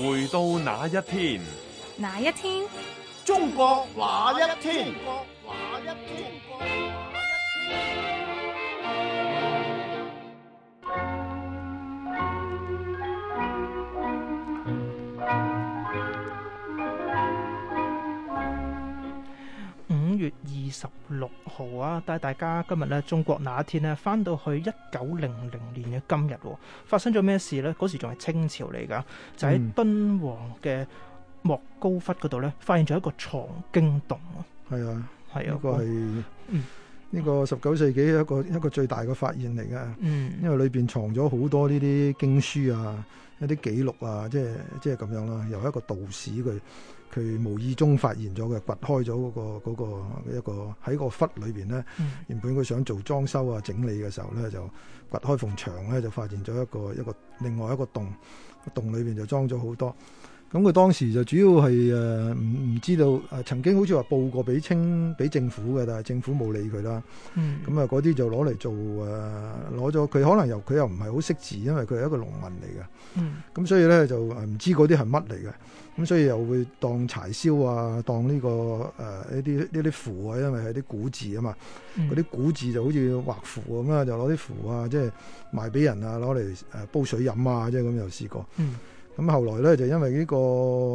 回到那一天，那一天，中國那一天，中國那一天。月二十六號啊，帶大家今日咧中國那一天咧翻到去一九零零年嘅今日，發生咗咩事呢？嗰時仲係清朝嚟噶，就喺敦煌嘅莫高窟嗰度咧，發現咗一個藏經洞。係、嗯、啊，係、嗰、一個係。嗯呢個十九世紀一個一個最大嘅發現嚟嘅，嗯、因為裏邊藏咗好多呢啲經書啊，一啲記錄啊，即係即係咁樣啦。由一個道士佢佢無意中發現咗嘅，掘開咗嗰、嗰個、嗰個、一個喺個窟裏邊咧，嗯、原本佢想做裝修啊、整理嘅時候咧，就掘開縫牆咧，就發現咗一個一個另外一個洞，洞裏邊就裝咗好多。咁佢當時就主要係誒唔唔知道誒、呃、曾經好似話報過俾清俾政府嘅，但係政府冇理佢啦。咁啊、嗯，嗰啲、嗯、就攞嚟做誒，攞咗佢可能又佢又唔係好識字，因為佢係一個農民嚟嘅。咁、嗯嗯嗯、所以咧就唔知嗰啲係乜嚟嘅。咁、嗯、所以又會當柴燒啊，當呢、呢個誒一啲一啲符啊，因為係啲古字啊嘛。嗰啲、嗯、古字就好似畫符咁樣，就攞啲符啊，即係賣俾人啊，攞嚟誒煲水飲啊，即係咁又試過。嗯咁後來咧就因為呢、呢個誒、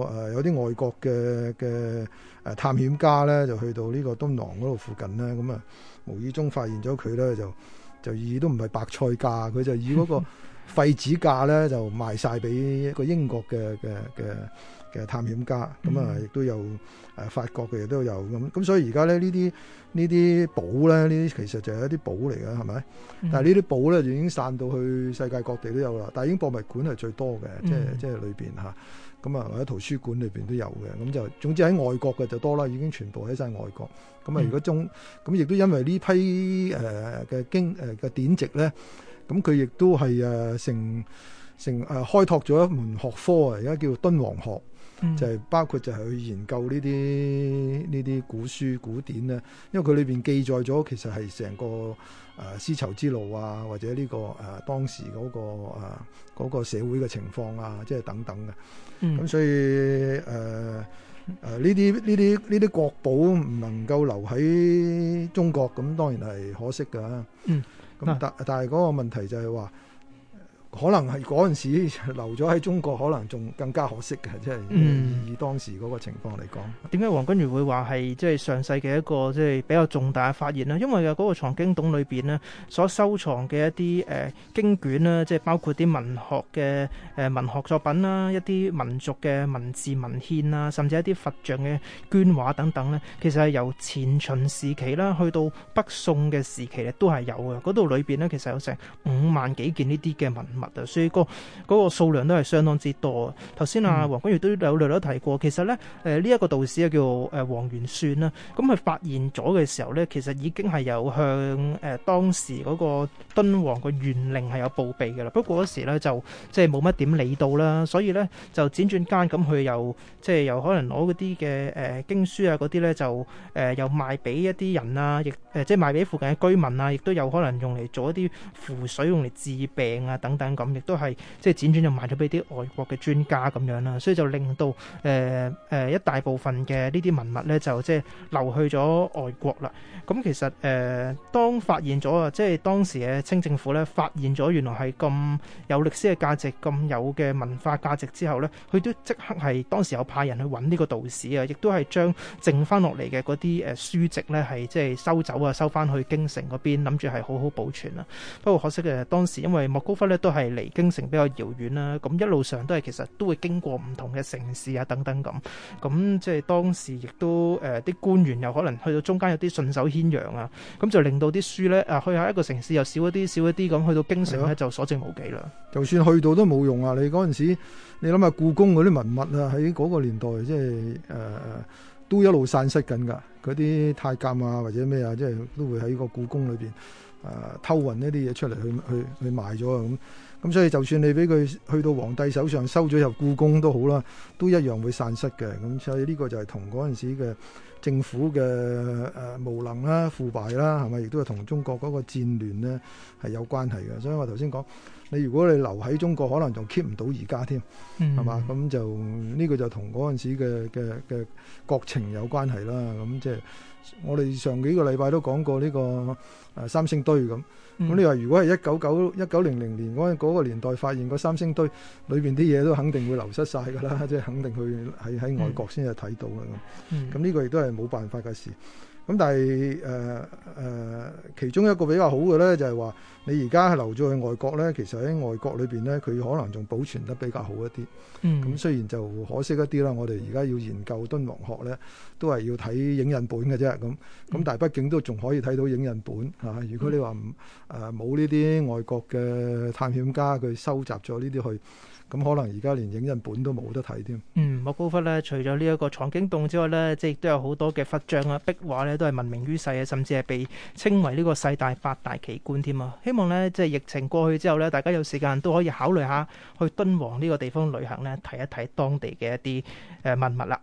呃、有啲外國嘅嘅誒探險家咧就去到呢個敦煌嗰度附近咧，咁啊無意中發現咗佢咧就就以都唔係白菜價，佢就以嗰個廢紙價咧就賣晒俾一個英國嘅嘅嘅嘅探險家，咁啊亦都有誒法國嘅，亦都有咁，咁所以而家咧呢啲呢啲寶咧，呢啲其實就係一啲寶嚟嘅，係咪？嗯、但係呢啲寶咧已經散到去世界各地都有啦，但係已經博物館係最多嘅，即係即係裏邊吓。咁啊或者圖書館裏邊都有嘅，咁就總之喺外國嘅就多啦，已經全部喺晒外國。咁啊如果中咁、嗯嗯呃呃、亦都因為呢批誒嘅經誒嘅典籍咧，咁佢亦都係誒成成誒、呃、開拓咗一門學科啊，而家叫敦煌學。就係包括就係去研究呢啲呢啲古書古典咧，因為佢裏邊記載咗其實係成個誒、呃、絲綢之路啊，或者呢、這個誒、呃、當時嗰、那個誒、呃那個、社會嘅情況啊，即、就、係、是、等等嘅。咁、嗯、所以誒誒呢啲呢啲呢啲國寶唔能夠留喺中國，咁當然係可惜㗎。嗯，咁但的但係嗰個問題就係話。可能係嗰陣時留咗喺中國，可能仲更加可惜嘅。即係嗯，以當時嗰個情況嚟講，點解黃君如會話係即係上世紀嘅一個即係比較重大嘅發現咧？因為嘅嗰個藏經洞裏邊咧，所收藏嘅一啲誒、呃、經卷咧，即係包括啲文學嘅誒、呃、文學作品啦，一啲民族嘅文字文獻啊，甚至一啲佛像嘅絹畫等等咧，其實係由前秦時期啦，去到北宋嘅時期咧，都係有嘅。嗰度裏邊咧，其實有成五萬幾件呢啲嘅文物。所以個嗰個數量都係相當之多。頭先啊，黃君月都有略略提過，其實咧，誒呢一個道士啊，叫誒王元算啦。咁佢發現咗嘅時候咧，其實已經係有向誒當時嗰個敦煌個縣令係有報備嘅啦。不過嗰時咧就即係冇乜點理到啦，所以咧就輾轉間咁佢又即係又可能攞嗰啲嘅誒經書啊，嗰啲咧就誒又賣俾一啲人啊，亦誒即係賣俾附近嘅居民啊，亦都有可能用嚟做一啲符水用嚟治病啊等等。咁亦都係即係輾轉就賣咗俾啲外國嘅專家咁樣啦，所以就令到誒誒、呃呃、一大部分嘅呢啲文物咧，就即係流去咗外國啦。咁、嗯、其實誒、呃、當發現咗啊，即係當時嘅清政府咧，發現咗原來係咁有歷史嘅價值，咁有嘅文化價值之後咧，佢都即刻係當時有派人去揾呢個道士啊，亦都係將剩翻落嚟嘅嗰啲誒書籍咧，係即係收走啊，收翻去京城嗰邊，諗住係好好保存啊。不過可惜誒當時因為莫高窟咧都係。係離京城比較遙遠啦，咁一路上都係其實都會經過唔同嘅城市啊等等咁，咁、嗯、即係當時亦都誒，啲、呃、官員又可能去到中間有啲順手牽羊啊，咁、嗯、就令到啲書咧啊去下一個城市又少一啲少一啲咁，去到京城咧、啊、就所剩無幾啦、啊。就算去到都冇用啊！你嗰陣時，你諗下故宮嗰啲文物啊，喺嗰個年代即係誒、呃、都一路散失緊㗎，嗰啲太監啊或者咩啊，即係都會喺個故宮裏邊誒、呃、偷運一啲嘢出嚟去去去賣咗啊咁。咁、嗯、所以就算你俾佢去到皇帝手上收咗入故宮都好啦，都一樣會散失嘅。咁、嗯、所以呢個就係同嗰陣時嘅政府嘅誒無能啦、腐敗啦，係咪？亦都係同中國嗰個戰亂咧係有關係嘅。所以我頭先講，你如果你留喺中國，可能仲 keep 唔到而家添，嗯，係嘛？咁就呢個就同嗰陣時嘅嘅嘅國情有關係啦。咁即係我哋上幾個禮拜都講過呢個誒三星堆咁。咁你話如果係一九九一九零零年嗰嗰個年代發現個三星堆裏邊啲嘢都肯定會流失曬㗎啦，即係肯定去喺喺外國先至睇到啦。咁咁呢個亦都係。係冇辦法嘅事。咁、嗯、但係誒誒其中一個比較好嘅咧，就係、是、話你而家係留咗去外國咧，其實喺外國裏邊咧，佢可能仲保存得比較好一啲。嗯。咁、嗯、雖然就可惜一啲啦，我哋而家要研究敦煌學咧，都係要睇影印本嘅啫。咁、嗯、咁，但係畢竟都仲可以睇到影印本吓、啊，如果你話唔誒冇呢啲外國嘅探險家，佢收集咗呢啲去，咁、嗯、可能而家連影印本都冇得睇添。嗯，莫高窟咧，除咗呢一個藏經洞之外咧，即係亦都有好多嘅佛像啊、壁畫咧。都係聞名於世啊，甚至係被稱為呢個世界八大奇觀添啊！希望咧，即係疫情過去之後咧，大家有時間都可以考慮下去敦煌呢個地方旅行咧，睇一睇當地嘅一啲誒文物啦。